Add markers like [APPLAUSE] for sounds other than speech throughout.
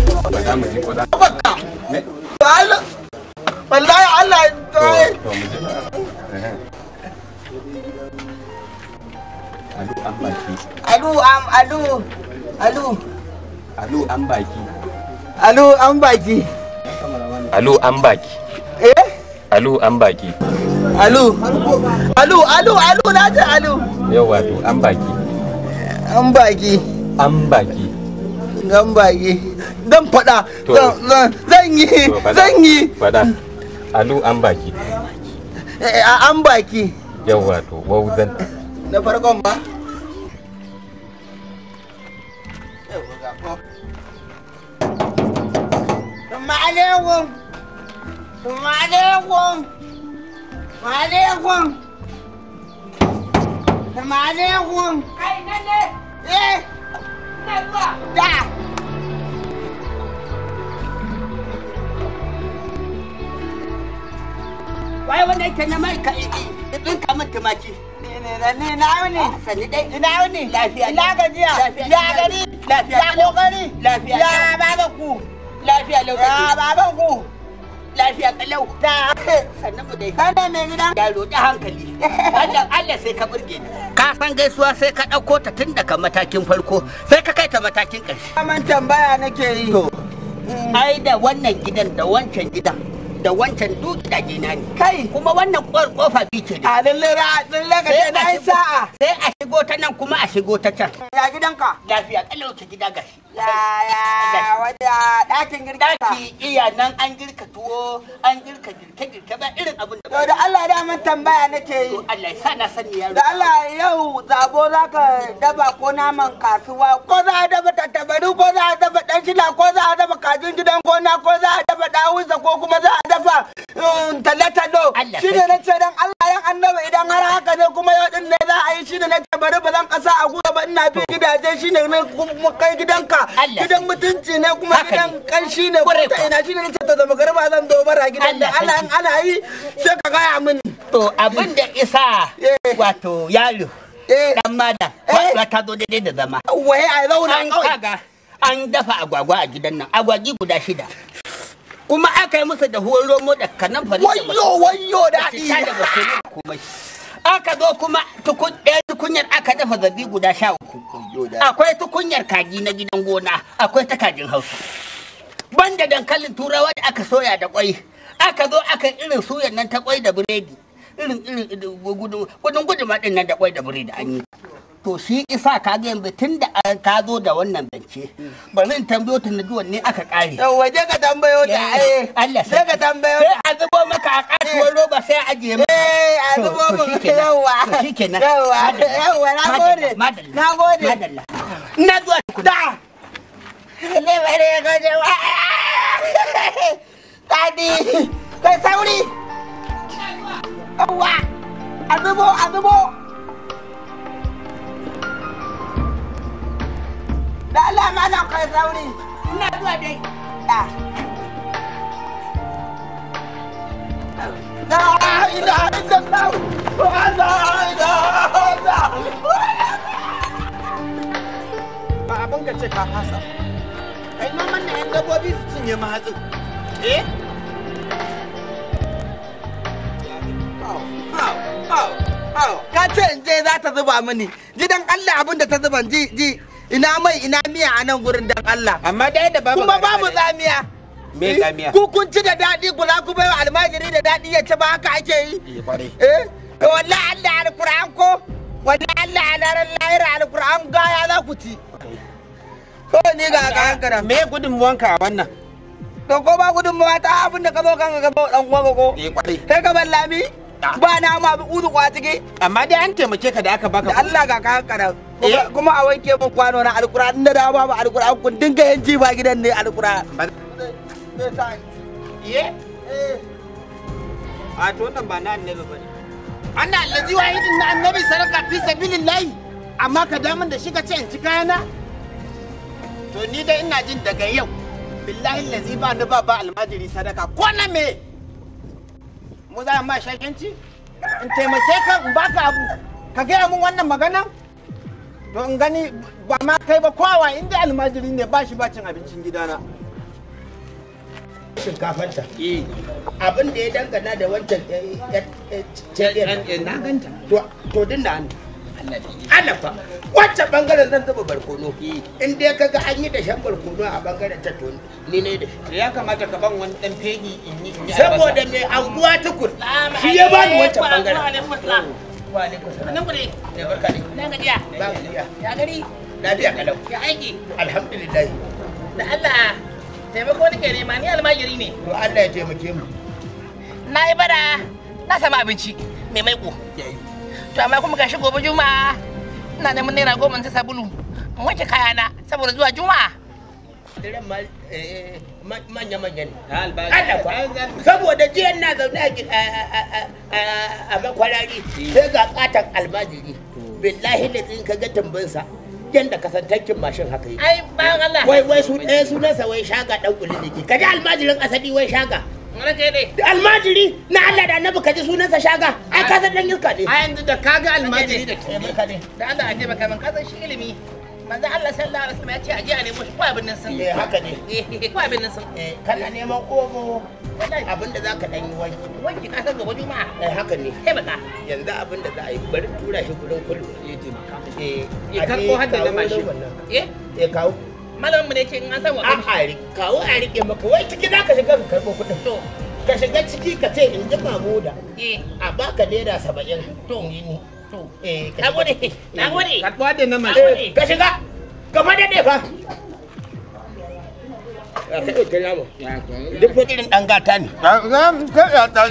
ba Allah Allah alu an baki alu alu alu an baki alu an baki alu an baki eh alu an baki alu alu alu alu na ta alu yawa to an baki an baki an baki an baki zan faɗa zan yi zan yi faɗa alu an baki eh, eh, a an baki yawa to zan na farkon ba Ma'alaikum! Ma'alaikum! Ma'alaikum! Ma'alaikum! Eh! Da! waye wanda yake na mai ka din ka min tumaki ne na wani sani dai ina wuni lafiya ina gajiya ya gari lafiya ya kokari lafiya ya baba ku lafiya lokaci ya baban ku lafiya kalau ta sannan mu dai kana mai gida Ya roƙi hankali Allah [LAUGHS] Allah sai ka burge ni ka san gaisuwa sai ka ɗauko ta tun daga matakin farko sai ka kai ta matakin ƙarshe. Kaman tambaya nake yi. Ai da wannan gidan da wancan gidan da wancan duk da gina ne kai kuma wannan kofa bi ke da a lallira lallira ka na yi sa'a sai a shigo ta nan kuma a shigo ta can ya gidanka lafiya kallon ki gida gashi ya ya wata dakin girka daki iya nan an girka tuwo an girka girke girke ba irin abin da da Allah da mun tambaya nake yi Allah ya sa na sani yaro da Allah yau zabo zaka daba ko naman kasuwa ko za a daba tattabaru ko za a daba dan shila ko za a daba kajin gidan gona ko za a daba dawunsa ko kuma za a dafa um, talata do shi ne na ce dan Allah yan annaba idan har haka ne kuma yau din ne za a yi shi ne na ce bari ba zan kasa a gura ba ina bi gidaje shi ne na kuma kai gidanka gidan mutunci ne kuma gidan kanshi ne kuma ina shi ne na ce to da ba zan dobara gidan da Allah yan ana yi sai ka gaya min. To abin da isa eh. wato yalo eh. dan madan wato eh. ta zo daidai da zama. Wai a zauna kawai. An dafa agwagwa a gidan nan agwagi guda shida. kuma aka yi masa da romo da kanan fari wayo wayo adi aka zo kuma tukunyar aka dafa zabi guda sha uku akwai tukunyar kaji na gidan gona akwai ta kajin hausa banda dankalin turawa da aka soya da kwai aka zo aka irin suyan nan ta kwai da biredi irin irin gudun gudun ma din nan da kwai da biredi an yi to shi isa ka ga yanzu tun da ka zo da wannan bance ba zan tambayo ta na wanne aka kare yau waje ka tambayo ta ai eh. Allah sai ka tambayo sai a zubo maka a katuwar eh. roba sai a je maka eh a zubo maka yawa kenan yawa yawa na gode na gode na zuwa da ne bare ga jawa tadi kai sauri yawa a zubo a zubo da Allah malam kai sauri ina zuwa dai da la ilaha illallah wa la ilaha illallah ba abin ka ce ka fasa kai noman na yan su cinye mahatsin eh ka ce in je za ta zuba mini gidan Allah abin da ta zuba ji ji ina mai ina miya a nan gurin dan Allah amma dai da babu kuma babu tsamiya me eh, tsamiya ku kun ci da dadi kula ku bai almajiri da dadi ya ci ba haka ake yi eh, eh wallahi Allah alquran ko wallahi Allah alaran lahira alquran gaya za ku ci ko ni ga ka hankara me gudun wanka wannan to ko ba gudun ta abin da ka zo kan ka zo dan uwa ko eh kwarai kai ka ballami ba na ma bi uzu kwa tike. amma dai an taimake ka da aka baka da Allah ga ka karan eh? kuma a wanke min kwano na alkur'an inda da babu alkur'an kun dinga yin jiba gidan ne alkur'an ye eh. a to wannan ba na annabi bane Anna allazi wa na annabi saraka fi sabilillahi amma ka damun da shi ka ce in ci kayana to ni dai ina jin daga yau billahi allazi ba ni ba ba almajiri sadaka ko na me mu za ma shashanci in taimake ka in baka abu ka gaya mun wannan magana to in gani ba ma kai ba kowa inda almajiri ne ba shi bacin abincin gidana shinkafanta abin da ya dangana da wancan na ganta to din da hannu alafa wacce bangaren zan zuba barkono in dai kaga an yi dashen barkono a bangaren ta to ni ne da shi ya kamata ka ban wani dan fegi in yi in yi saboda mai anguwa tukur shi ya ba ni wancan bangaren wa alaikum salam ne eh, barka ne na gajiya ba gajiya ya gari lafiya kalau ya aiki alhamdulillah da Allah taimako nake nema ni almajiri ne to Allah ya taimake mu na yi bara na sama abinci mai maiko to amma kuma gashi gobe juma'a ina neman naira goma ta sabulu mun wanke kayana saboda zuwa juma'a eh, manya manya ne saboda jiya na zaune a makwarari eh. sai ga katon almajiri billahi ne tsin ka ga tumbinsa yadda kasantaccen mashin haka yi ai bayan Allah wai wai su ɗaya eh, sunansa wai shaga ɗan ƙuli ne ka ji almajirin asali wai shaga almajiri na Allah da annabi kaji sunansa shaga ai ka san dan iska ne a yanzu da kaga almajiri da ke da Allah a jeba kaman ka san shi ilimi manzo Allah sallallahu alaihi wasallam ya ce a je a nemo shi ko abin nan sun eh haka ne eh ko abin nan sun eh kana neman omo abin da zaka dan yi wanki wanki ka san gobe juma'a eh haka ne kai eh, baka yanzu abin da za a yi bari tura shi gurin kullu eh, eh ya karko hadda da mashi eh eh kawo malamin mu ne ce in an san wa kai a kawo a rike maka wai ciki za ka shiga ka karɓo kuɗin to ka shiga ciki ka ce in ji mamuda eh. a naira saba'in to to eh ka gode gode ka gode na ka shiga ka madade fa duk wata irin ɗan gata ne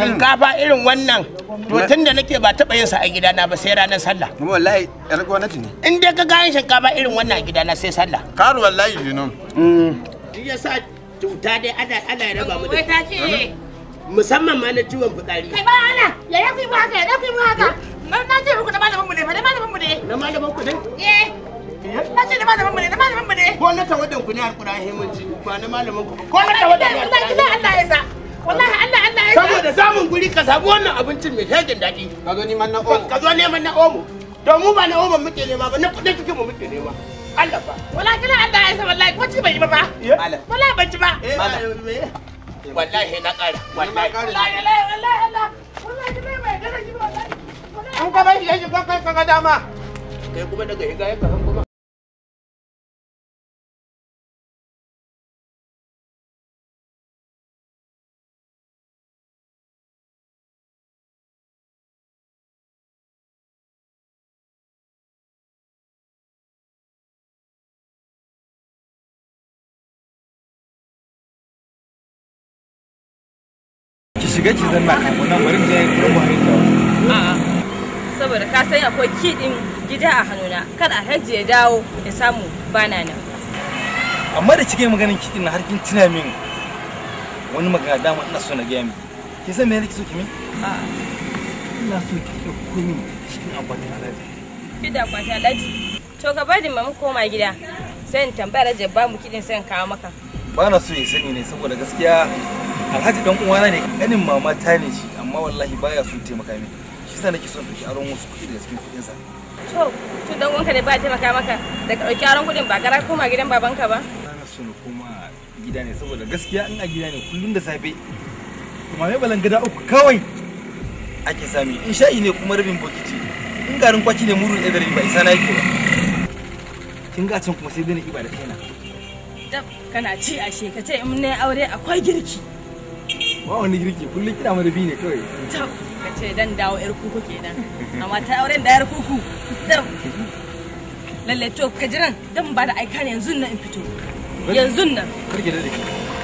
shinkafa irin wannan to tun da nake ba taɓa yin sa a gidana ba sai ranar sallah wallahi yar gwamnati ne in dai ka gayan shinkafa irin wannan a gidana sai sallah karu wallahi jinon mm. shi yasa cuta dai ana ana raba mu da musamman ma na ciwon fitsari kai ba ana ya yafi mu haka ya yafi mu haka na ce muku na malamin mu ne fa na malamin mu ne na malamin ku ne eh Na ce da malamin mu da ba na na Allah ya sa. Wallahi Allah Allah ya sa. Saboda samun guri ka sabu wannan abincin mai hegin daɗi. na omo. Ka zo neman na omo. Domin ba omo muke nema ba, na kuɗin cikin mu muke Allah ba. Wallahi kina Allah ya sa wallahi ko ba eh? Wallahi ban eh, Wallahi Wallahi. Wallahi wallahi Wallahi wallahi. An dama. daga kuma shiga ki zanna kafin nan bari mu je gurin buhari da a saboda ka san akwai kiɗin gida a hannuna kada alhaji ya dawo ya samu bana nan amma da kike maganin kiɗin har kin tuna min wani magana dama ina so na gaya miki ki san me yake so ki min a'a ina so ki ɗauko min cikin akwatin ki da kwata alhaji to ka bari mu koma gida sai in tambaya Rajab ba mu kiɗin sai in kawo maka ba na so ya sani ne saboda gaskiya alhaji dan uwana ne ganin mama ta ne shi amma wallahi baya son taimaka ne shi sa nake son ɗauki aron wasu kuɗi daga cikin kuɗin sa to to dan uwanka ne ba taimaka maka da ka ɗauki aron kuɗin ba gara koma gidan babanka ba ana so na koma gida ne saboda gaskiya in a gida ne kullum da safe kuma mai gada uku kawai ake sami in sha'i ne kuma rabin bokiti in garin kwaki ne murun ɗaya ba isa na yake ba kin ga can kuma sai dai na iba da kaina kana ci ashe ka ce in ne aure akwai girki ba wani girki kullum kira mu rubi ne kawai ka ce dan dawo yar kuku kenan amma ta auren da yar kuku lalle to ka jiran dan ba da aika ne yanzu nan in fito yanzu nan karki da dake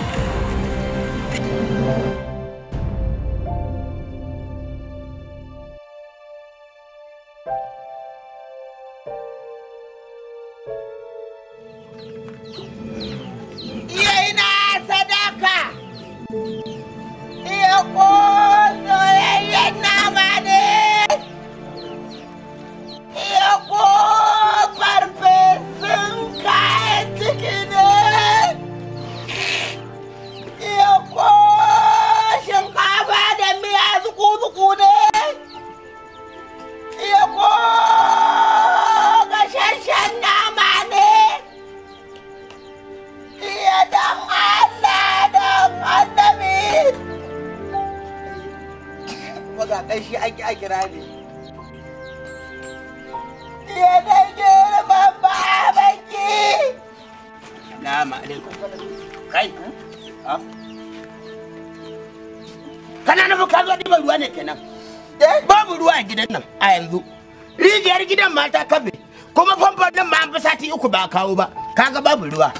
kawo ba kaga babu ruwa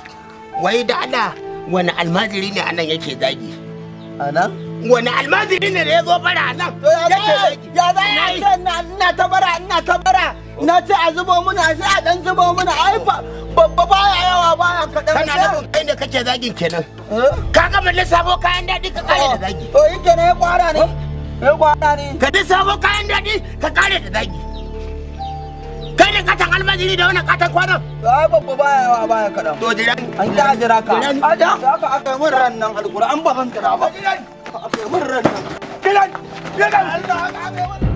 wai da ana wani almajiri ne anan yake zagi anan wani almajiri ne da ya zo bara anan yake zagi ya za ya ce ina ta bara ina ta bara na ce a zubo muna sai a dan zubo muna ai babba ba ya yawa ba ya kaɗan kana nufin kai ne kake zagin kenan eh? ka mun lissafo kayan daɗi ka kare da oh. zagi to yake ne ya kwara ne ya kwara ne ka lissafo kayan daɗi ka kare katon almajiri da wannan katon kwanon. Ba babba ba ya wa ba ya kaɗan. To jiran. An ta jira ka. Jiran. Aja. Za ka aka yi ran nan alƙur'an ba zan kira ba. aka yi ran nan. Allah aka yi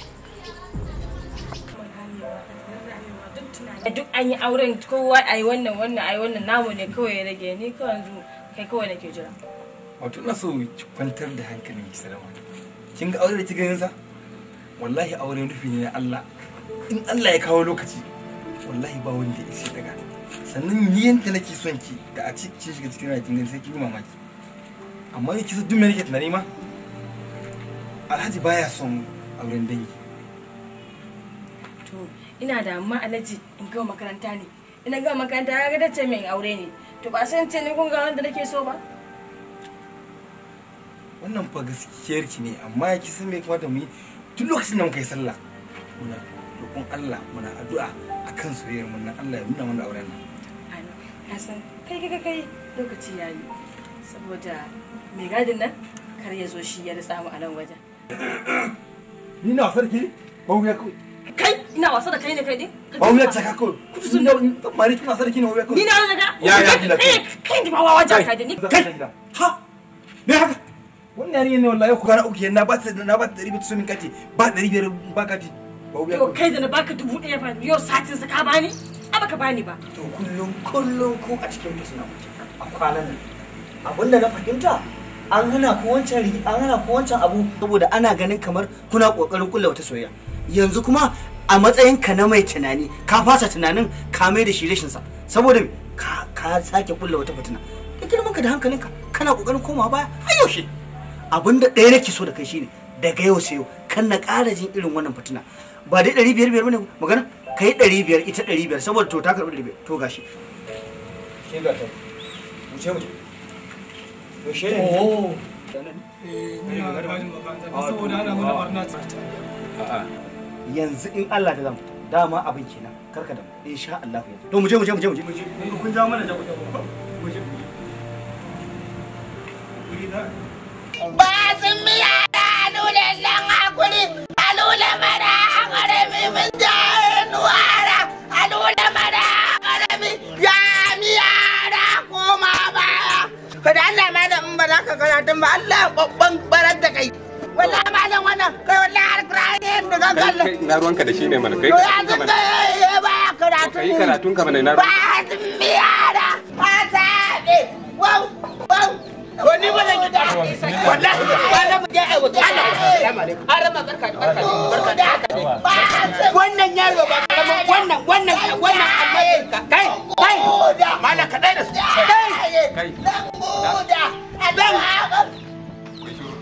duk an yi auren kowa a yi wannan wannan a yi wannan namu ne kawai ya rage ni kawai yanzu kai kawai nake jira wato ina so ki kwantar da hankalin ki salama kin ga aure da ki ganin sa wallahi aure rufi ne na Allah in Allah ya kawo lokaci wallahi ba wanda ya ce daga sannan ni yanta nake son ki da a cikin shiga cikin rayuwar kin sai ki mamaki amma ki kisa duk me nake tunani ma Alhaji baya son auren dangi ina da amma alaji in gama makaranta ne ina gama makaranta ya da ce min aure ne to ba san ce ni kun ga wanda nake so ba wannan fa gaskiyar ki ne amma ki san me da mu yi tun lokacin da muka yi sallah muna roƙon Allah muna addu'a akan soyayyar mu na Allah ya nuna mana auren nan amin ka san kai kai kai lokaci yayi saboda mai gadin nan kar ya zo shi ya samu mu a nan wajen ni na sarki mu ya kai ina wasa da kai ne kai ne ba mu ta ka ko ku da mari kuma sarki ne wai ko ni na daga ya ya kai kai ba wawa ja kai da ni kai ha me haka wannan yarinya ne wallahi ku kana uku na ba ta na ba ta ribi su min kati ba dari ribi ba kati yo kai da na baka dubu ɗaya ba yo satin sa ka bani a ka bani ba to kullum kullum ko a cikin ku suna a kwanan nan na fahimta an hana ku wancan an hana ku wancan abu saboda ana ganin kamar kuna kokarin kulla wata soyayya yanzu kuma a matsayin ka na mai tunani ka fasa tunanin ka mai da shi rashinsa saboda ka ka sake kulla wata fitina ka girman ka da hankalinka kana kokarin komawa baya har yaushe abinda ɗaya nake so da kai shine daga yau sai yau kan na ƙara jin irin wannan fitina ba dai ɗari biyar biyar bane magana ka yi ɗari biyar ita ɗari biyar saboda to ta karɓi ɗari to gashi. ta wuce mu To shi ne. Oh. Eh, ba ni saboda ana barna ta. yanzu in Allah da zama, dama abin kenan karka da insha Allah yanzu to mu je mu je mu je mu je kun ja mana jago jago ba sun miya da lule a hakuri alule mara akarami min da nuwara alule mara mi ya miya da ba baya kada Allah ma da in ba za ka karatun ba Allah babban barar da kai wala malam wannan kai wala alkur'ani da zan na ruwanka da shi ne mana kai ka mana ba karatu kai karatun ka mana na ba miyara a tabe wow wow wani ba da gida wallahi ba da ga barka barka barka wannan yaro ba wannan wannan wannan kai kai malam ka dai da su kai kai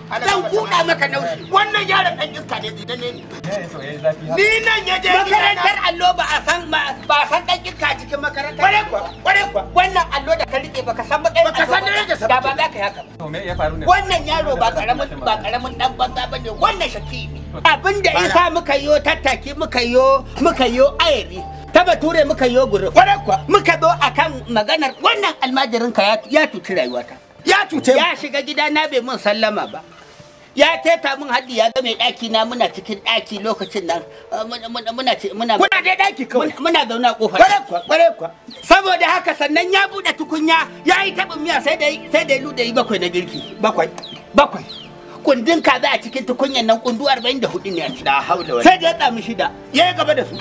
zan kuɗa maka naushi wannan yaron ɗan iska ne idan ne ni nan ya je makarantar allo ba a san ba a san ɗan iska cikin makaranta kware kwa kware kwa wannan allo da ka rike baka san ba baka san da rage da ba za ka haka to me ya faru ne wannan yaro ba karamin ba karamin dan banza bane wannan shaki abin da isa muka yo tattaki muka yo muka yo ayari ta bature muka yo guri kware kwa muka zo akan maganar wannan almajirin ka ya tuci rayuwata ya cuce ya shiga gida na bai mun sallama ba ya teta min haddi ya ga mai daki na muna cikin daki lokacin nan muna muna muna kuna dai daki kawai muna zaune a kofar kware kwa kware kwa saboda haka sannan ya bude tukunya ya yi tabin miya sai da sai da lude yi bakwai na girki bakwai bakwai kundin kaza a cikin tukunyan nan kundu 44 ne a ciki da haula sai da ya tsami shida ya gaba da su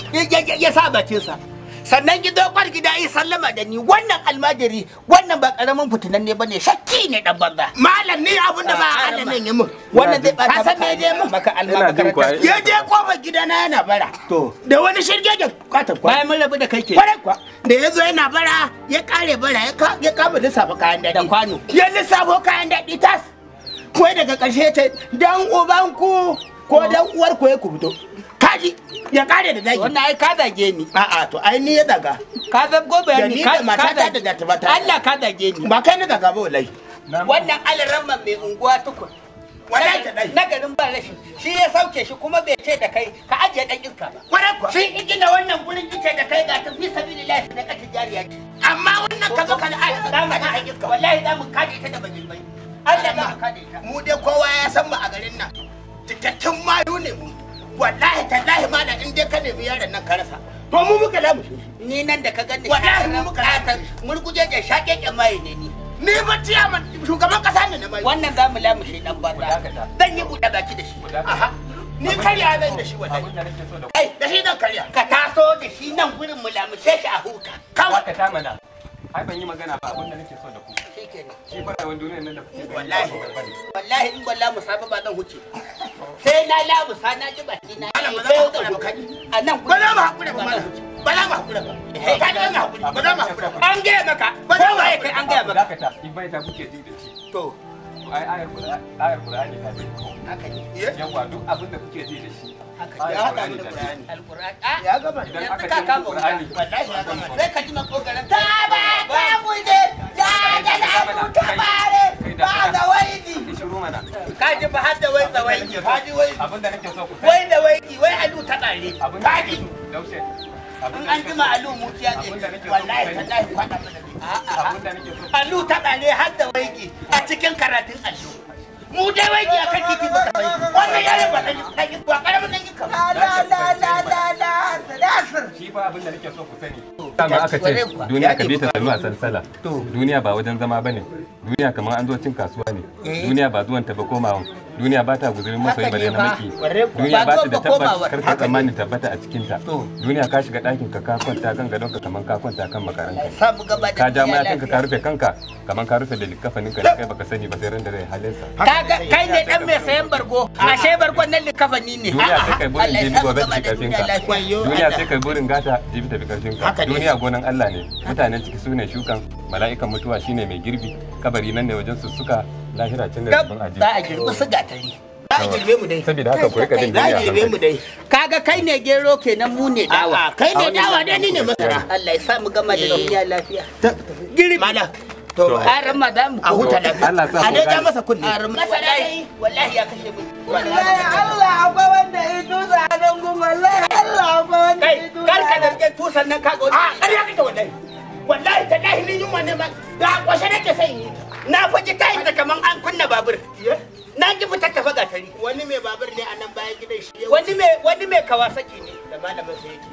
ya sa bakin sa sannan gizo kwar gida yi sallama da ni wannan almajiri wannan ba karamin fitinan ne bane shakki ne dan banza malam ni abun da ba Allah nan yi mun wannan zai bata san me je mun maka almajiri ya je kofa gida na yana bara to da wani shirge da kwata kwa bayan mun rabu da kai ke kwarai kwa da yazo yana bara ya kare bara ya kama lissafa kayan dadi da kwano ya lissafo kayan da tas kai daga kashe ta dan ku ko dan uwar ku ya ku fito zage ya kare da zage wannan ai ka zage ni a'a to ai ni ya daga ka zab gobe ni ka mata ta da ta mata Allah ka zage ni ba kai na daga ba wallahi wannan alramman mai unguwa tukun ta na garin ba rashi shi ya sauke shi kuma bai ce da kai ka ajiye dan iska ba kwarai kuwa shi iji da wannan gurin ice da kai ga tafi sabilillahi da kace jariya amma wannan ka zo ka da mu ka iska wallahi za mu kaje ta da bajilbai Allah mu dai kowa ya san mu a garin nan tikakken mayu ne mu wallahi tallahi mana in dai ka nemi yaron nan ka rasa to mu muka lamushe shi ni nan da ka gani wallahi mu muka lamushe shi murguje ke shaƙe ke mai ne ni ni ba ciyaman shugaban kasa ne na mai wannan za mu lamu lamushe dan banza zan yi buɗe baki da shi ni kariya zan da shi wallahi ai da shi nan karya ka taso da shi nan gurin mu lamushe shi a huta kawai ta mana ai ban yi magana ba abinda nake so da ku shikenan shi fara wani duniyar nan da kuke wallahi wallahi in wallahi musaba ba huce sai na labusa na ji baki na da a nan ku bala ba hakura ba mala bala ba hakura ba ga na hakura bala ba hakura ba an gaya maka ko waye kai an gaya maka dakata in bai ta kuke ji da shi to ai ayar qur'ani ta ce haka ne yawa duk abin da kuke ji da shi ya haɗa ni da Qur'ani alqur'ani ah! ya gama yanzu ka kama wallahi ya gama sai ka ji makogaran ta ba ta buje ya ga da ta bare ba da waidi ka ji ba har da wai da waidi ka ji wai nake so ku wai da waidi wai alu ta tsare ka ji daushe in an jima alu mutiya ce wallahi tallahi kwada mana alu ta tsare har da a cikin karatun allo mu dai waidi akan titi ba wannan yare ba ta yi ba fa abin da nake so ku sani dama aka ce duniya ka ta sallu a salsala duniya ba wajen zama bane duniya kamar an zo cin kasuwa ne eh. duniya ba zuwan ta ba komawa duniya ba ta guzurin masoyi bare na maki duniya ba ta da tabbata karka tsammanin tabbata a cikin ta duniya ka shiga ɗakin ka ka kwanta kan gadon ka kaman ka kwanta kan makaranka ka ja ma kanka ka rufe kanka kaman ka rufe da likafanin ka kai baka sani ba sai ran da rai halinsa kai ne dan mai sayan bargo ashe bargon nan likafani ne duniya ah, sai kai burin jibi gobe ta karfin ka duniya sai kai burin gata jibi ta karfin ka duniya gonan Allah ne mutanen ciki su ne shukan mala'ikan mutuwa shine mai girbi kabari nan ne wajen sussuka lahira tun da ban aji za a girbi su za a girbe mu dai haka duniya za a girbe mu dai kaga kai ne gero kenan mu ne dawa kai ne dawa dai ni ne masara Allah ya sa mu gama da duniya eh. lafiya girbi mala to madam a huta da Allah sa a daida masa kunne aran wallahi wallahi ya kashe mu wallahi Allah akwai wanda ya tusa a nan wallahi Allah akwai wanda ya tusa kar ka darje tusan nan ka gode ah, a ƙarya kake wallahi wallahi tallahi ni yunwa ne ma da kwashe nake sai yi na faji ta ta kaman an kunna babur na ji fitar tafa gatari wani mai babur ne a nan bayan gidan shi wani mai wani mai kawasaki ne da malamin sai yake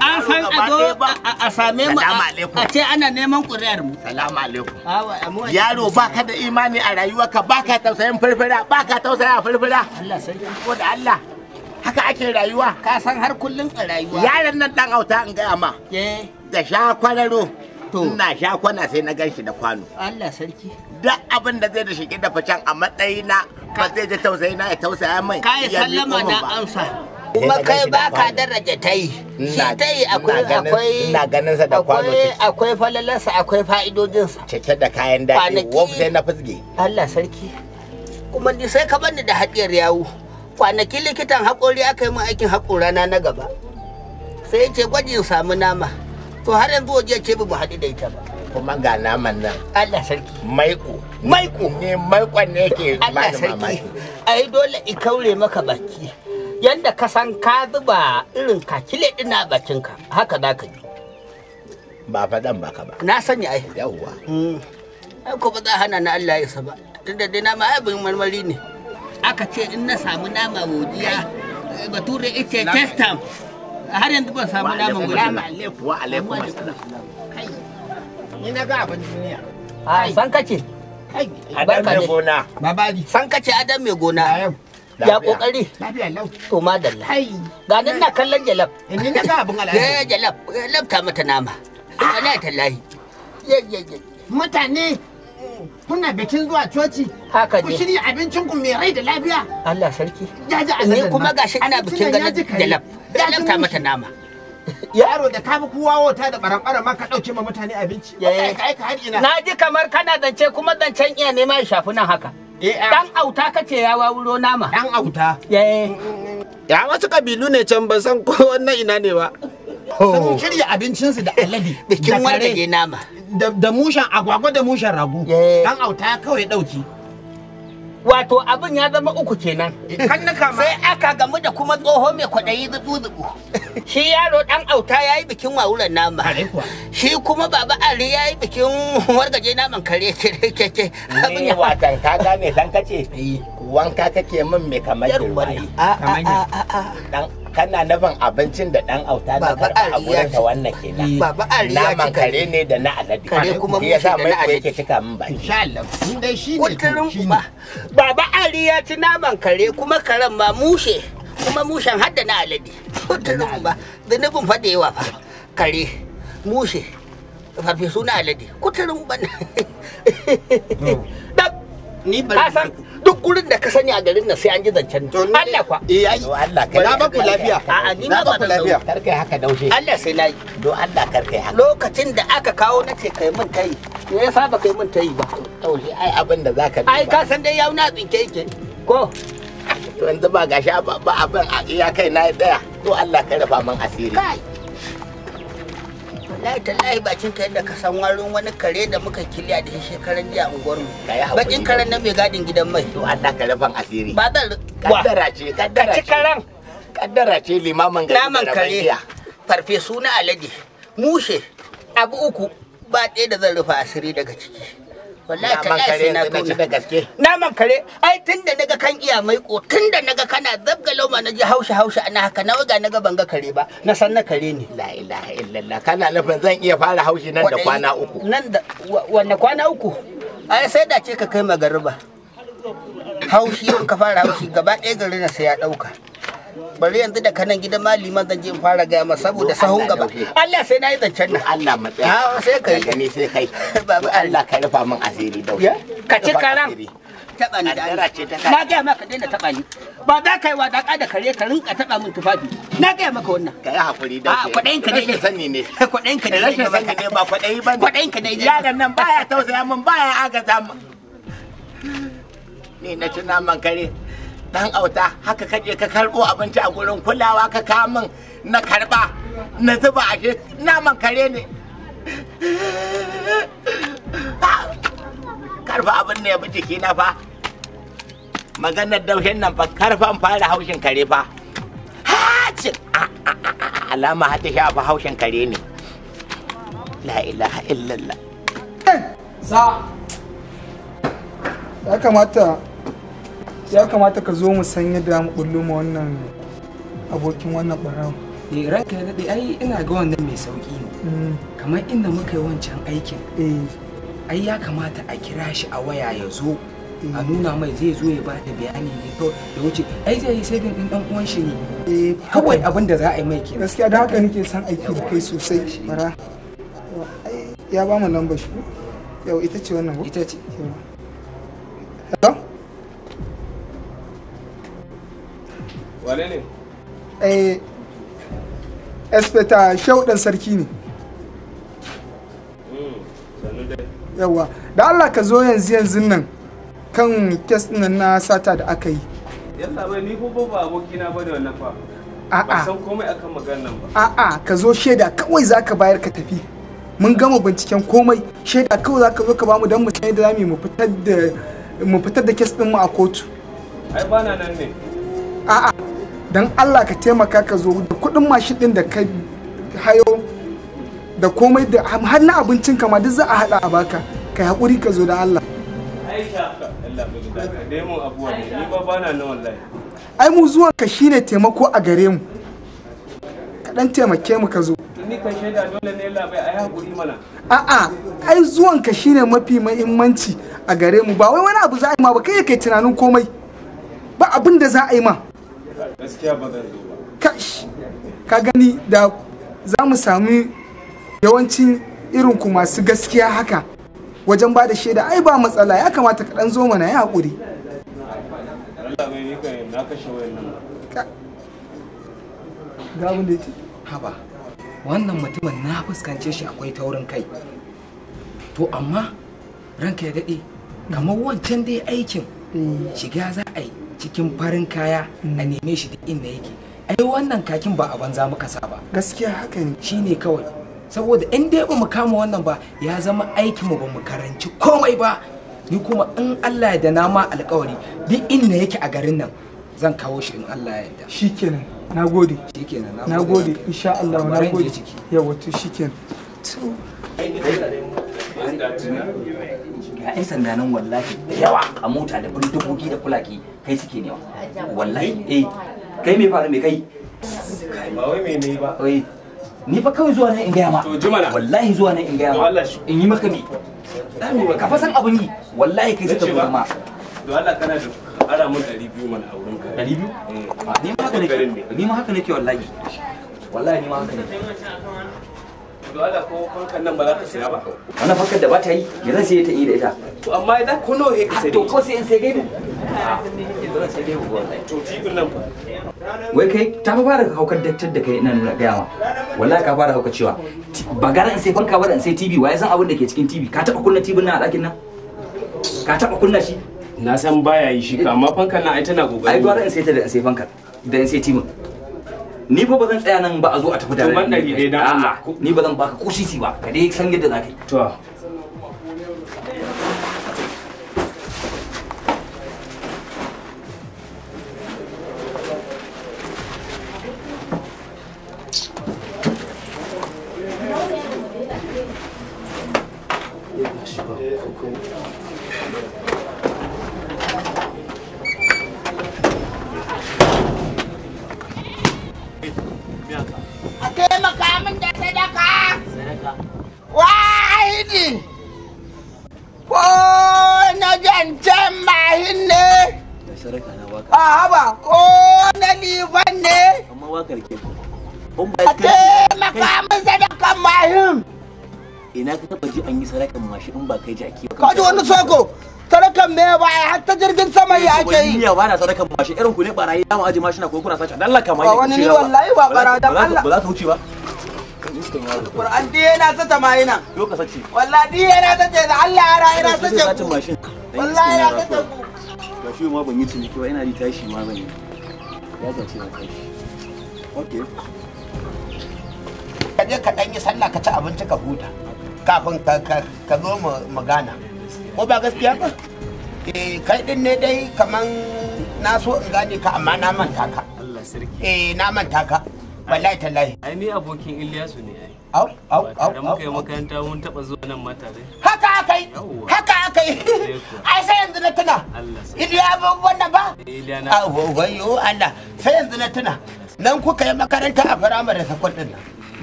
an san a zo a same mu a ce ana neman ƙuri'ar mu salamu alaikum yaro ba ka da imani a rayuwarka ka tausayin firfira ka tausaya firfira Allah sai ko da Allah haka ake rayuwa ka san har kullun a rayuwa yaron nan dan auta in gaya ma da sha to ina sha sai na gan shi da kwano Allah sarki da abin da zai da shige da facen a matsayina ba zai da tausayina ya tausaya mai kai sallama na amsa kuma kai baka daraja ta yi shi ta yi akwai akwai falalarsa akwai fa'idodinsa cike da kayan daɗi wof sai na fusge Allah sarki kuma ni sai ka bani da haɗiyar yawo kwanaki likitan haƙori aka yi min aikin haƙorana na gaba sai ya ce gwajin samu nama to har yanzu waje ce ba mu haɗu da ita ba kuma ga naman nan. Allah sarki. Maiko. Maiko. Ne maikon ne yake mamaki. Allah sarki. Ai dole i kaure maka baki. yadda ka san ka zuba irin kakile ɗina a ka haka za ka yi ba faɗan ba ka ba na sani ai yawwa hmm. ai ko ba za hana na Allah ya sa ba tunda dai nama ai bin marmari ne aka ce in na samu nama wodiya bature ita testam har yanzu ban samu nama wodiya wa alaikum assalam ni na ga abin duniya a ah, san kace Adam mai gona. Babaji. San kace Adam mai gona. ya kokari lafiya lau to madalla ga nan na kallon jalab ni na ga abun al'ada eh jalab jalab ta mata nama ah. wallahi tallahi mutane kuna bikin zuwa coci haka ne ku shirya abincin ku mai rai da lafiya Allah sarki jaji a ne kuma gashi ana bikin ganin jalab jalab ta mata nama [LAUGHS] yaro da ka kowa wata da barambara ma ka dauke ma mutane abinci na ji kamar kana zance kuma zancen iya nema ya shafi nan haka Eh, ah. Dan auta kace ya wuro nama. Dan auta. Eh. Ya wasu kabilu ne can ban san ko wannan ina ne ba. Oh. Sun shirya abincinsu da alade. Bikin wanda ke nama. Da mushen agwagwa da mushen rago. Eh. Dan auta kawai dauki. wato abin ya zama uku kenan sai aka gamu da kuma tsoho mai kwaɗayi zubu-zubu shi yaro dan auta ya yi bikin wawuran nama shi kuma baba ali ya yi bikin wargaje naman kare kake. abin ya watan ka ga me dan kace eh. wanka kake min mai kamar a a dan kana nufin abincin da dan auta na karba a gurin ta wannan kenan baba ariya naman kare ne da na alade kare kuma mun yasa mai ko yake cika min ba insha Allah in dai shi ne shi ba baba ariya ci naman kare kuma karen ma mushe kuma mushen hadda na alade kuturin ba zunubin fadewa fa kare mushe farfesu na alade kuturin ba ni bari ka san duk gurin da ka sani a garin nan sai an ji zancen Allah kwa eh ai Allah kai na baku lafiya a a ni na baku lafiya kar kai haka daushe Allah sai nayi do Allah kar kai haka lokacin da aka kawo na ce kai mun tayi me yasa ba kai mun tayi ba daushe ai abin da zaka ai ka san dai yauna tsinke yake ko yanzu ba gashi ba abin a iya kai na daya to Allah ka rafa man asiri kai wallahi tallahi bakin ka yadda ka san warin wani kare da muka kiliya da shekaran jiya unguwar mu bakin karen nan mai gadin gidan mai to Allah ka rafan asiri ba zan kaddara ce kaddara ce karan kaddara ce limamin gari naman kare farfe, suna alade mushe abu uku ba ɗaya da zan rufe asiri daga ciki wallahi tallahi sai na kona da gaske naman kare ai tunda naga kan iya mai ko tunda naga kana zabga loma naji haushi haushi ana haka na waga naga banga kare ba na san na kare ne la ilaha illallah kana nufin zan iya fara haushi nan da kwana uku nan da wanne kwana uku ai sai da ce ka kai magariba haushi ka fara haushi gaba ɗaya garin sai ya ɗauka bari yanzu da kanan gidan maliman zan je in fara gaya masa saboda sahun gaba Allah sai na yi zancen nan Allah ha sai kai gani sai kai [LAUGHS] babu Allah ka rufa min asiri da ka ci karan taba ni da ce ta na ga maka daina taba ni ba za kai wa da kada kare ka rinka taba min tufafi na ga maka wannan ka yi hakuri da ke kwaɗayin ka dai sani ne [LAUGHS] kwaɗayin ka dai rashin sani ne ba kwaɗayi ba kwaɗayin ka dai yaran nan baya tausaya min baya agaza min ni na tuna man kare dan auta haka kaje ka karbo abinci a gurin kulawa ka ka min na karba na zuba a shi man kare ne karfa abin ne ya bi jiki na fa maganar daushen nan fa karfan fara haushin kare fa hacin alama hata sha fa haushin kare ne la ilaha illallah sa ya kamata ya kamata ka zo mu san yadda mu bullo mu wannan abokin wannan barawo eh ranka ya dade ai ina ga wannan mai sauki ne mm. kamar inda muka yi wancan aikin eh. ai ya kamata a kira shi a waya ya zo mm. a nuna mai zai zo ya bada bayani ne to da wuce ai zai yi sai din dan uwan shi ne eh, kawai abin da za a yi mai ke gaskiya da haka nake son aiki da kai sosai bara ya ba mu lambar shi yau ita ce wannan ita ce hello ne eh espeta shaudan sarki ne hmm, yawa da Allah ka zo yanzu yanzu nan kan kes nan na sata da aka yi yalla bai ni ko ba abokina bane wannan fa a'a san komai akan maganar ba a'a ka zo shaida kawai zaka bayar ka tafi mun gama binciken komai shaida kawai zaka zo ka bamu dan mu san yadda zamu mu fitar da mu fitar da kes din mu a kotu ai bana nan ne a'a don allah ka taimaka ka zo da kudin mashin din da ka hayo da komai da har na abincin ka ma duk za a hada a baka kai haƙuri ka zo da allah ai mu zuwa ka shine taimako a gare mu Kaɗan taimake mu ka zo ni dole ai hakuri mana a'a ai zuwan ka shine mafi muhimmanci a gare mu ba wai wani abu za a yi ma ba kai kai tunanin komai ba abin da za a yi ma ka gani da za mu sami yawancin irin ku masu gaskiya haka wajen ba da shaida ai ba matsala ya kamata ka dan zo mana ya haƙuri haba wannan mutumin na fuskance shi akwai taurin kai to amma ranka ya daɗe kamar wancan dai aikin eh. shiga za a yi cikin farin kaya a mm. neme shi da inda yake ai wannan kakin ba a banza muka sa ba gaskiya haka ne shine kawai saboda in dai ba mu kama wannan ba ya zama aikin mu ba mu karanci komai ba ni kuma in Allah ya da na ma alƙawari duk inda yake a garin nan zan kawo shi in Allah ya yarda shikenan nagode shikenan nagode insha Allah nagode yawa to shikenan to ga 'yan sanda nan wallahi da yawa a mota da bindigogi da kulaki kai suke nema wallahi eh kai me faru me kai ba wai me ne ba ni fa kawai zuwa nan in gaya ma to jimala wallahi zuwa nan in gaya ma in yi maka mi ka fa san abin yi wallahi kai suka zo ma to Allah kana da ara mun 200 mana a wurin ka 200 eh. ah, ni ma haka nake ni ma haka nake wallahi wallahi ni ma haka nake nan ba za ba wannan fankar da ba ta yi zan sai ta yi da ita to amma idan ko nawa ka ah, sai to ko sai in sai gaibu ah, yanzu to tibin nan ba wai kai ta fara haukar dattar da kai ina nuna gaya ma wallahi ka fara haukar cewa ba gara in sai fanka ba in sai tv waye san abin da ke cikin tv ka taba kunna tv na a ɗakin nan ka taba kunna shi na san baya yi shi ka eh. amma fankan nan ai tana gogari ai gwara in sai ta da in sai fankar da in sai TV. ni fa ba zan tsaya nan ba a zo a tafi da ni ba zan baka kushi ba ka dai san yadda zaka yi duniya ba na sadaka mashi irin ku ne barayi dama aji mashina ko kuna sace dan Allah kamar wani ni wallahi ba bara dan Allah ba za ta wuce ba Qur'an di yana ta tamayi nan yo ka sace wallahi di yana ta ce da Allah ya rayu na sace wallahi ya ta ku ga shi ma ban yi ciniki ba ina ri tashi ma ban yi ya ta zace na tashi okay kaje ka dan yi sallah ka ci abinci ka huta kafin ka zo mu magana ko ba gaskiya ba eh kai din ne dai kaman na so in gane ka amma na manta ka Allah sarki eh na manta ka wallahi tallahi ai ni abokin Ilyasu ne ai au au au da muka yi makaranta mun taba zuwa nan mata dai haka akai haka akai [LAUGHS] ai sai yanzu na tuna Ilya wannan ba eh, Ilya na wayo Allah sai yanzu na tuna nan kuka yi makaranta a firamare sakon din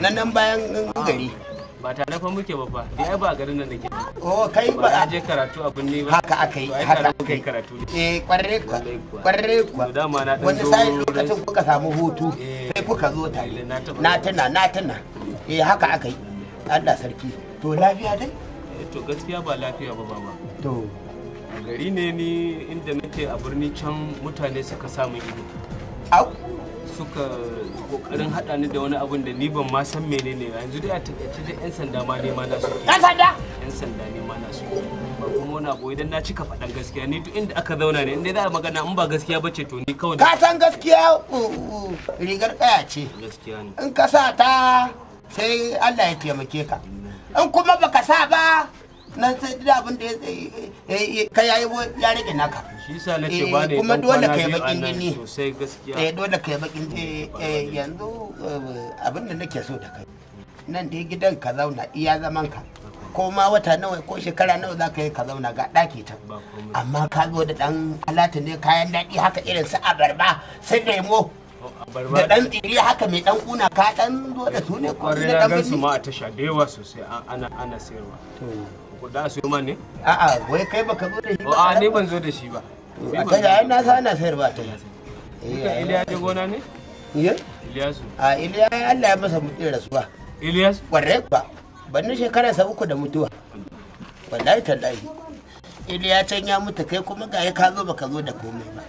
nan nan bayan gari ba ta nafa muke ba da ya ba garin nan da ke o oh, kai ba a je karatu a binne ba haka aka yi haka aka yi karatu eh kwarre kwarre dama na wani sai lokacin kuka samu hutu eh. sai kuka zo tare na tana na tana eh haka aka yi Allah sarki to lafiya dai eh, to gaskiya ba lafiya ba ba to gari ne ni inda nake a birni can mutane suka samu ido au suka kokarin hada ni da wani abun da ni ban ma san menene ba yanzu dai a takaice dai yan sanda ma ne ma na su yan sanda yan sanda ne ma na su ba kuma wani abu idan na cika faɗan gaskiya ni duk inda aka zauna ne inda za a magana in ba gaskiya bace to ni kawai ka san gaskiya rigar kaya ce gaskiya ne in ka sa ta sai Allah ya taimake ka in kuma baka sa ba nan sai duk abin da eh, eh, eh, ka yayi ya rage naka shi yasa na ce ba ne kuma dole ka yi bakin gini sosai gaskiya eh dole kai bakin jini yanzu abin da nake so da kai nan dai gidan ka zauna iya zaman ka ko ma wata nawa ko shekara nawa za ka yi ka zauna ga ɗaki ta amma ka zo da ɗan alata ne kayan daɗi haka irin su abarba su lemo oh, da ɗan tsiri haka mai ɗan kuna ka ɗan zo da su ne ko ne ɗan birni. Kwarai na gan su ma a tasha da yawa sosai ana sayarwa. za a'a wai kai baka zo da shi ba a ni ban zo da shi ba a kai ai na ana sayar ba ta eh Iliya je gona ne ye Iliyasu a Iliya Allah ya masa mutuwar rasuwa Iliyasu kwarai ba banni shekara sa uku da mutuwa wallahi tallahi Iliya can ya mutu kai kuma ga ka zo baka zo da komai ba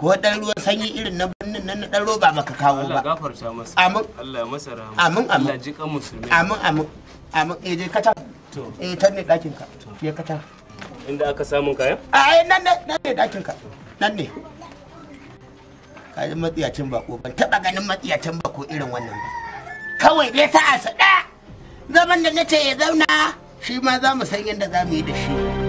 ko dan ruwan sanyi irin na birnin nan na dan roba maka kawo ba Allah gafarta masa amin Allah ya masa rahama amin amin Allah ji kan musulmi amin amin a eh, je kata eh ta ne ka ya inda aka samun kayan. a eh, nan ne nan ne ɗakin ka nan ne kayan matsiyacin bako ban taɓa ganin matsiyacin bako irin wannan ba kawai dai sa'a su ɗaya zaman da na ce ya zauna shi ma za mu san yadda za mu yi da shi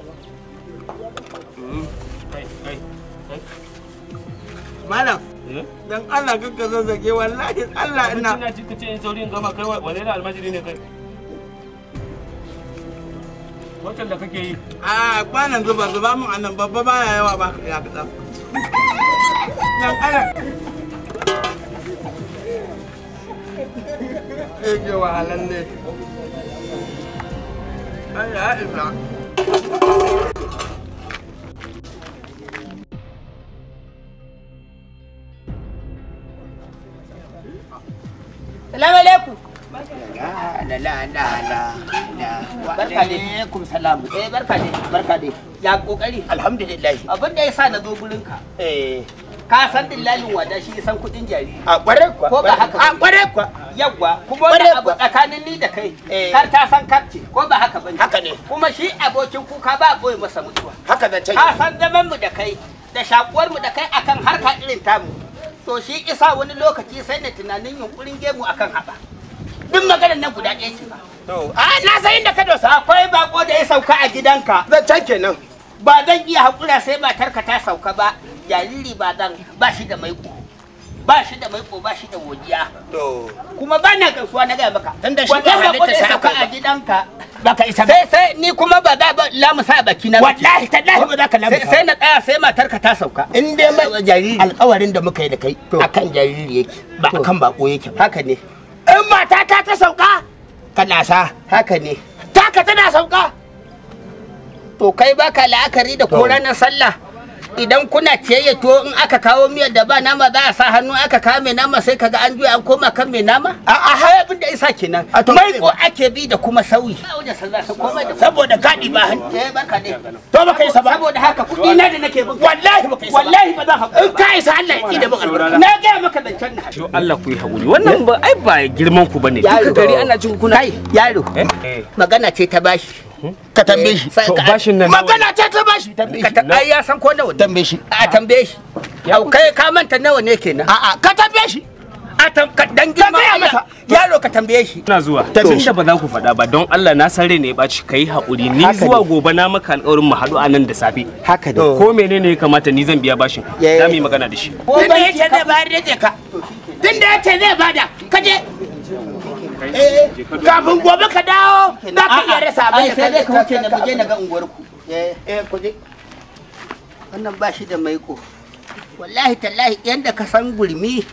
malam eh? dan Allah kan kanka zazzage wallahi Allah ina ina ji kace in saurin gama kai wallahi da almajiri ne kai wacce da kake yi a kwanan zuba zuba mun annan babba baya yawa ba ya kadan dan Allah Ege wahalan ne. Ai ya isa. la la la la barka dai alaikum salam eh barka dai barka dai ya kokari alhamdulillah abin da yasa na zo gurin ka eh ka san dillalin wada shi san kudin jari a kware kwa ko ba haka a kware kwa yawa kuma wani abu tsakanin ni da kai eh. kar ta san kapce ko ba haka bane haka ne kuma shi abokin kuka ba boye masa mutuwa haka zance ka san zaman mu da kai da shakuwar mu da kai akan harka irin tamu to shi isa wani lokaci sai na tunanin yunkurin gemu akan haba duk maganar nan guda ɗaya ce a na san inda ka dosa akwai bako da ya sauka a gidanka zancen kenan ba zan iya haƙura sai matarka ta sauka ba jariri ba zan ba shi da maiko ba shi da maiko ba shi da godiya kuma ba na gaisuwa na gaya maka tunda shi ba halitta sa sauka a gidanka baka isa sai sai ni kuma ba za ba lamu sa baki na wallahi tallahi ba za ka lamu sai na tsaya sai matar ka ta sauka in dai jariri alƙawarin da muka yi da kai akan jariri yake ba akan bako yake haka ne in mata ta ta sauka kana sa haka ne taka tana sauka to kai baka la'akari da ko sallah idan kuna ciyayya to in aka kawo miyar da ba nama za a sa hannu aka kawo mai nama sai kaga an juya an koma kan mai nama a a haya abin da isa kenan mai ko ake bi da kuma sauyi saboda gadi ba hannu eh to baka isa ba saboda haka kudi na da nake bin wallahi baka isa wallahi ba zan hakuri in ka isa Allah ya ki da baka na ga maka dan can na to Allah ku yi hakuri wannan ba ai ba girman ku bane duka gari ana cin kuna yaro eh? magana ce ta bashi ka tambaye eh, shi bashin nan magana ta ta bashi tambaye shi ai ya san ko nawa tambaye shi a tambaye shi yau kai ka manta nawa ne kenan a ka tambaye shi a ka dan girma yaro ka tambaye shi ina zuwa tun da ba za ku faɗa ba don Allah na san ne ba ci kai haƙuri ni zuwa gobe na maka alƙawarin mu haɗu a nan da safe haka da ko menene ya kamata ni zan biya bashin za mu magana da shi tun da yace zai bayar da ka tun da zai bada kaje Eh, kafin gobe ka dawo za ka iya rasa abin da sai dai ka wuce na buje na ga unguwar ku eh eh ku je wannan ba shi da maiko wallahi tallahi yanda ka san gurmi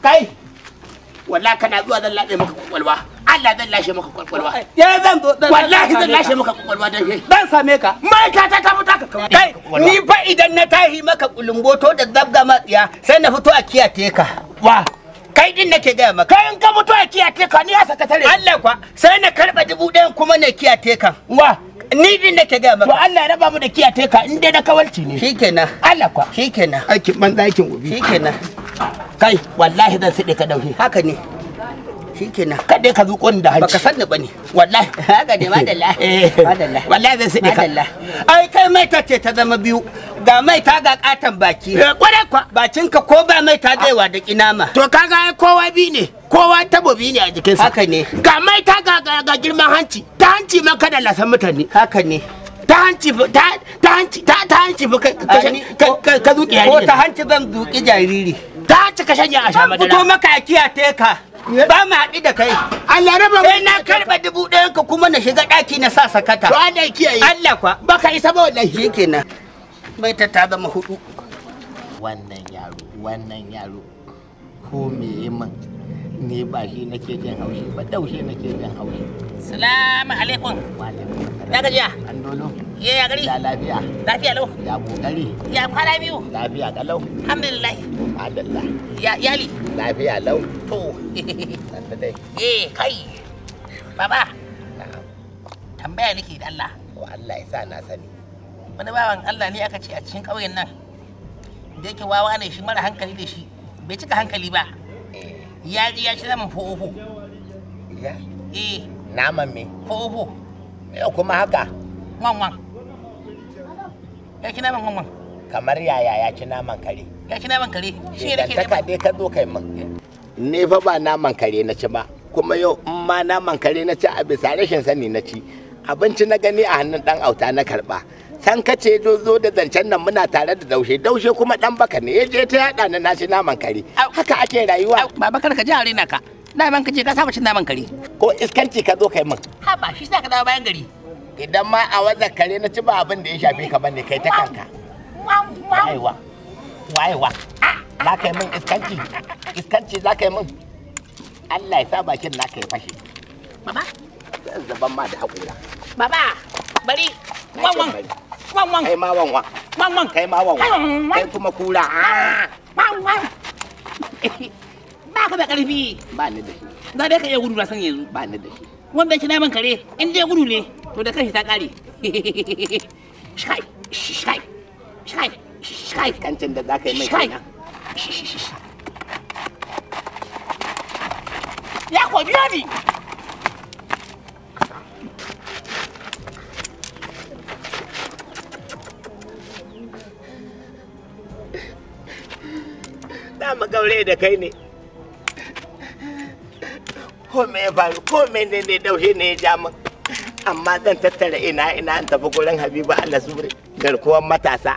kai wallahi kana zuwa zan laɗe maka kwakwalwa Allah zan lashe maka kwakwalwa ya zan zo wallahi zan lashe maka kwakwalwa dan kai dan same ka mai ka ta ta fita ka kai ni fa idan na tahi maka kulumboto da zabga matsiya sai na fito a kiyate ka wa kai din nake gaya maka kai in ka mutu a kiyate ka ni a sakatare Allah kwa sai na karba dubu daya kuma na kiyate ka wa ni din nake gaya maka to Allah ya raba mu da kiyate ka in dai na kawalci ne shikenan Allah kwa shikenan aikin ban ɗakin ubi shikenan kai wallahi zan siɗe ka dauki haka ne shikenan kaɗai ka zuƙo ni da hanci baka sanni bane wallahi [LAUGHS] haka ne madalla eh, madalla wallahi zan sani ka ai kai mai ta ce ta zama biyu ga mai ta ga katan baki kwarai eh, kwa bakin ka ko ba mai ta zaiwa da kinama to kaga kowa bi ne kowa tabo bi ne a jikinsa haka ne ga mai ta ga ga girman hanci ta hanci ma kada lasan mutane haka ne ta hanci ta hanci ta hanci ka zuƙi ko ta hanci zan zuƙi jariri ka ci ka a sha madara fito maka a kiyate ka ba mu haɗu da kai Allah raba sai na karɓa dubu ɗayan ka kuma na shiga ɗaki na sa sakata to Allah kiyaye Allah kwa baka isa ba wallahi shikenan bai ta ta zama hudu wannan yaro wannan yaro ko me yi min ni ba shi nake jin haushi ba daushe nake jin haushi salamu alaikum wa alaikum an dolo Ye eh, ya gari? lafiya. Lafiya lau. Ya kokari. Ya kwana biyu. Lafiya kalau. Alhamdulillah. Madalla. Ya yali. Lafiya lau. To. Sanda dai. Eh kai. Baba. Tambaya nake da Allah. To Allah ya sa na sani. Wani bawan Allah ne aka ce a cikin ƙauyen nan. Da yake wawa ne shi mara hankali da shi. Bai cika hankali ba. Eh. Ya ji ya ci zaman fo'ofo. Ya? Eh. Naman me? Fo'ofo. Me kuma haka? Wan wan. ya ci naman wannan kamar yaya ya ci naman kare ya naman kare shi ne ke nema dai ka zo kai min ne fa ba naman kare na ci ba kuma yau in ma naman kare na ci a bisa rashin sani na ci abinci na gani a hannun dan auta na karba san ka ce zo zo da zancen nan muna tare da daushe daushe kuma dan baka ne ya je ta yada na nashi naman kare haka ake rayuwa baba kar ka ji rena ka naman ka ce ka saba cin naman kare ko iskanci ka zo kai min ha ba shi sa ka dawo bayan gari idan ma a waza kare na ci ba abin da ya shafe ka bane kai ta kanka waiwa waiwa za ka yi min iskanci iskanci za ka yi min Allah ya sa bakin na ka yi fashe baba zan zaban ma da haƙura baba bari wanwan wanwan kai ma wanwan wanwan kai ma wanwan kai kuma kura ah! wanwan ba ka da ƙarfi ba ni da shi za dai ka iya gudu na san yanzu ba ni da shi wanda yake naman kare in dai gudu ne to da kashi ta kare [LAUGHS] shai shai shai shai kancin da zaka yi mai shai ya ko biyo ni dama gaure da kai ne komai me ya ne ne daushe ne ya ja min amma zan tattara ina ina an tafi gurin habibu allah zuri garkuwar matasa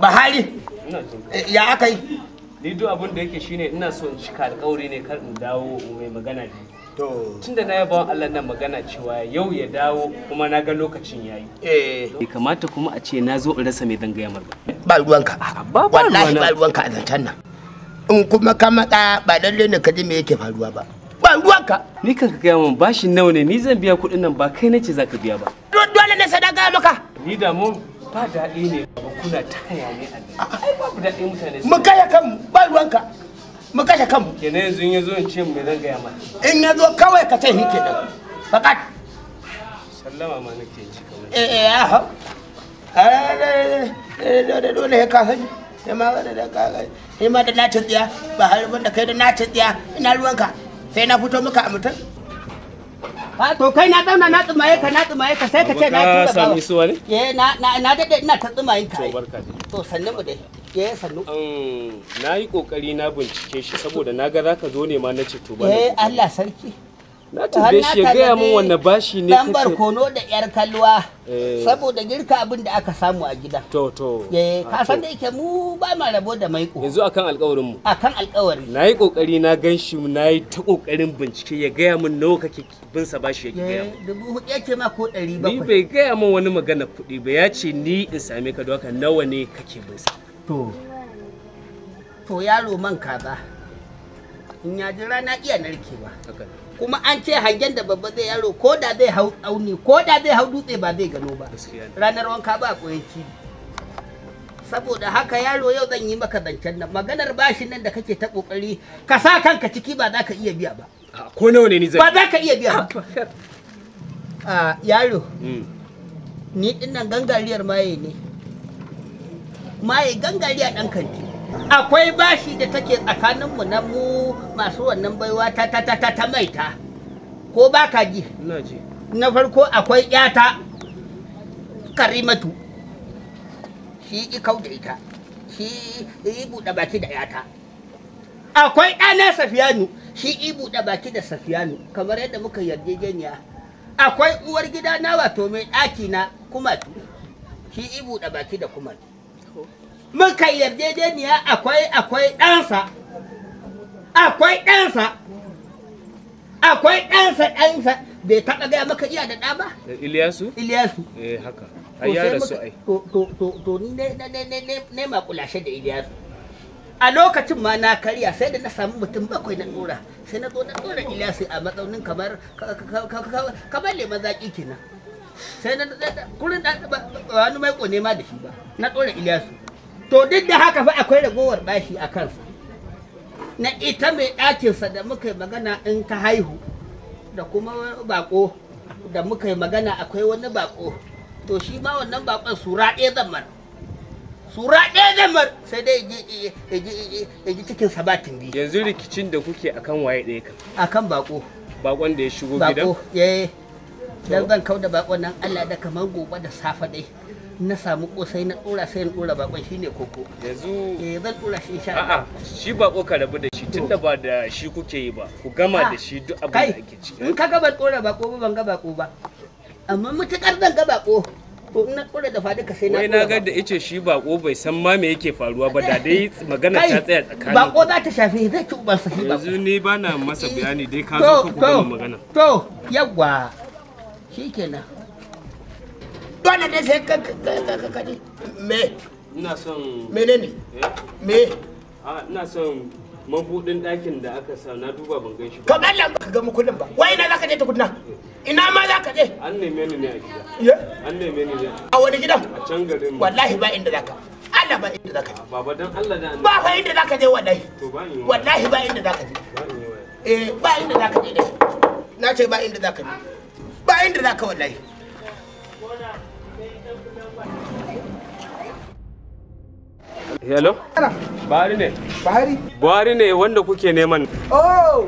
bahari ya aka yi ni duk abin da yake shine ina so in cika alƙawari ne kar in dawo mai magana ne To. Tun da na yi bawan Allah nan magana cewa yau ya dawo kuma na ga lokacin ya yi. Eh. kamata kuma a ce na zo in rasa mai dangayamar ba. Ba ruwanka. Ba ruwanka. ba ruwanka a zancen nan. in kuma ka mada ba lalle ne ka ji me yake faruwa ba ba ruwanka ni kanka ga mun bashi nawa ne ni zan biya kuɗin nan ba kai nace zaka biya ba dole ne sadaka maka ni da mu ba daɗi ne ba kuna ta ne a ai babu daɗi mutane mu kaya kanmu ba ruwanka mu kashe kanmu kenan yanzu in yazo in ce mu zan gaya mata in yazo kawai ka ce shi kenan fakat sallama ma nake ji kawai eh eh ha dole ka sani sai ma wani da kaga sai ma da nacin tsiya ba har da kai da nacin tsiya ina ruwanka sai na fito muka a mutum to kai na zauna na tsumaye ka na tsumaye ka sai ka ce na tura ka sami su wani eh, na na na dade ina ta tsumaye ka to sannu mu dai eh sannu na yi kokari na bincike shi saboda na ga zaka zo ne ma na ce to ba eh Allah sarki na tambaye shi ya gaya min wanne bashi ne dan barkono da yar kalwa eh. saboda girka abin da aka samu a gidan to to eh ka ah, san da yake mu ba ma rabo da maiƙo yanzu akan alƙawarin mu akan alƙawari na yi kokari na gan shi na yi ta kokarin bincike ya gaya min nawa kake bin sa bashi ya gaya min eh, dubu hudu yake ma ko ɗari bakwai ni bai gaya min wani magana kuɗi ba ya ce ni in same ka don haka nawa ne kake bin sa to to yaro man kaza in ya ji rana iya narkewa haka kuma an ce hangen da babba zai yaro ko da zai hau auni ko da zai hau dutse ba zai gano ba ranar wanka ba koyi saboda haka yaro yau zan yi maka zancen nan maganar bashin nan da kake ta kokari ka sa kanka ciki ba za ka iya biya ba ko nawa ne ni zai ba za ka iya biya ba yaro hmm. ni dinnan gangariyar maye ne maye gangariya dan kanti akwai bashi da take tsakaninmu na mu masu wannan baiwa ta ta ta ta maita ko ba ka ji na farko akwai yata karimatu shi ikau da ita shi ibu buɗe baki da yata akwai ɗana safiyanu shi ibu buɗe baki da safiyanu kamar yadda muka yarjejeniya akwai uwar gida na wato mai ɗaki na kumatu shi ibu buɗe baki da kumatu muka yarjejeniya akwai akwai ɗansa akwai ɗansa akwai ɗansa ɗansa bai taɓa gaya maka iya da ɗa ba eh, iliyasu iliyasu eh haka har ya rasu ai to to to to ni ne ne ne ne ma kulashe da iliyasu a lokacin ma na karya sai da na samu mutum bakwai na dora sai na zo na dora iliyasu a matsaunin kamar kamar leman zaki kenan sai na kurin wani mai kone ma da shi ba na dora iliyasu to duk da haka fa akwai ragowar bashi a kansa na ita mai ɗakinsa da muka yi magana in ta haihu da kuma bako da muka yi magana akwai wani bako to shi ma wannan bakon sura ɗaya zamar sura ɗaya zamar sai dai ya ji cikin sabatin biyu yanzu rikicin da kuke akan waye ɗaya kan akan bako bakon da ya shigo gidan bako eh. dan zan kau da bakon nan Allah da kamar gobe da safe dai na samu kosai na dora sai na dora bakon shine koko yanzu eh zan dora shi insha Allah shi bako ka rabu da shi tunda ba da shi kuke yi ba ku gama ah, da shi duk abin da kake ciki in ka ga ban dora bako ba ban ga bako ba amma mutakar zan ga bako to in na dora da fadi ka sai na na ga da yace shi bako bai san ma me yake faruwa ba da dai magana ta tsaya tsakanin bako za ta shafi zai ci uban shi bako yanzu ni bana masa bayani dai ka zo ka kuma magana to yawa shikenan dole ne sai ka kaji me ina son menene eh? me ina son mabudin da aka sa na duba ban gan shi ba. Allah ka ga mukullin ba. Wai ina zaka je Ina ma zaka je? An neme ni ne a gida. An neme ni ne. A wani gidan? A can garin. Wallahi ba inda zaka. Allah ba inda zaka je. Baba dan Allah da Ba fa inda zaka je wallahi. To ba ni. Wallahi ba inda zaka je. Eh ba inda zaka je Na ce ba inda zaka je. Ba inda zaka wallahi. hello buhari ne buhari buhari ne wanda kuke neman oh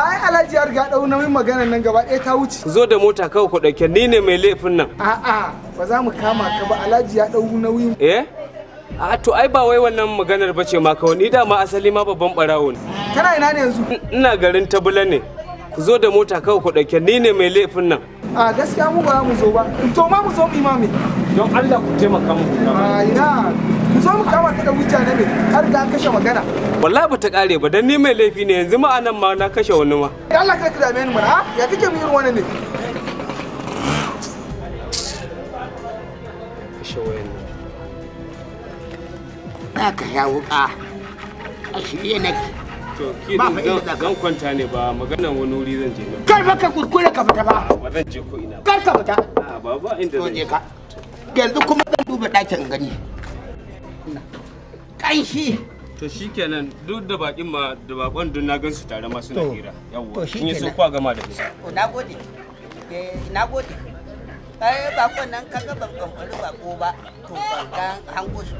ai alhaji har ga dau nauyin magana nan gaba ɗaya ta wuce zo da mota kawai ku ɗauke ni ne mai laifin nan a'a ba za mu kama ka ba alhaji ya dau nauyin eh a to ai ba wai wannan maganar ba ce ma kawai ni ma asali ma babban barawo ne kana ina ne yanzu ina garin tabula ne ku zo da mota kawai ku ɗauke ni ne mai laifin nan a gaskiya mu ba mu zo ba to ma mu zo mu imami don Allah ku taimaka mu a ina mu zo mu kama ta da hujja na har ga kashe magana wallahi ba ta kare ba dan ni mai laifi ne yanzu ma anan ma na kashe wani ma Allah ka kira ni mana ya kike mu irin wani ne kashe wani nan ka ya wuka a shirye nake to ke zan kwanta ne ba maganar wani wuri zan je ba kar baka kurkure ka fita ba ba zan je ko ina kar ka fita a ba ba inda zan je yanzu kuma zan duba ɗakin gani ƙanshi to shi shikenan duk da bakin ma da bakon dun na gan su tare ma suna hira yawwa in yi so kwa gama da su to nagode eh nagode ai bakon nan kaga ban kamfani bako ba to ban gan hango shi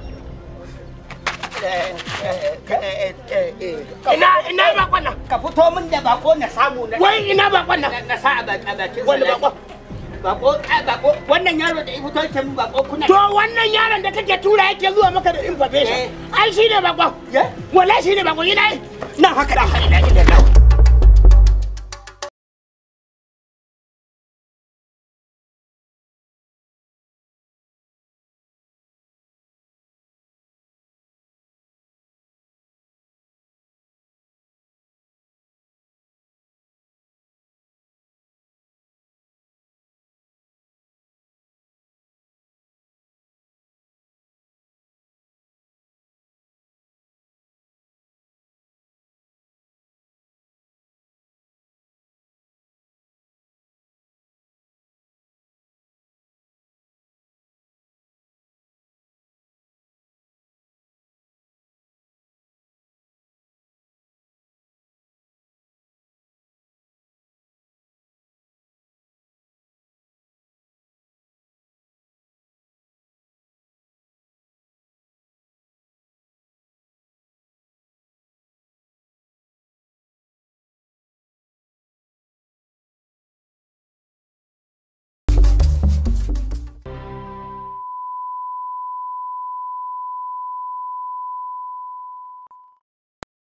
ina ina bakon nan ka fito min da bako na samu na wai ina bakon nan na sa a bakin wani bakon bako bako wannan yaro da ifito yake min bako kuna to wannan yaron da kake tura yake zuwa maka da information eh. ai shine bako eh? wallahi shine bako ina na haka da haka da ina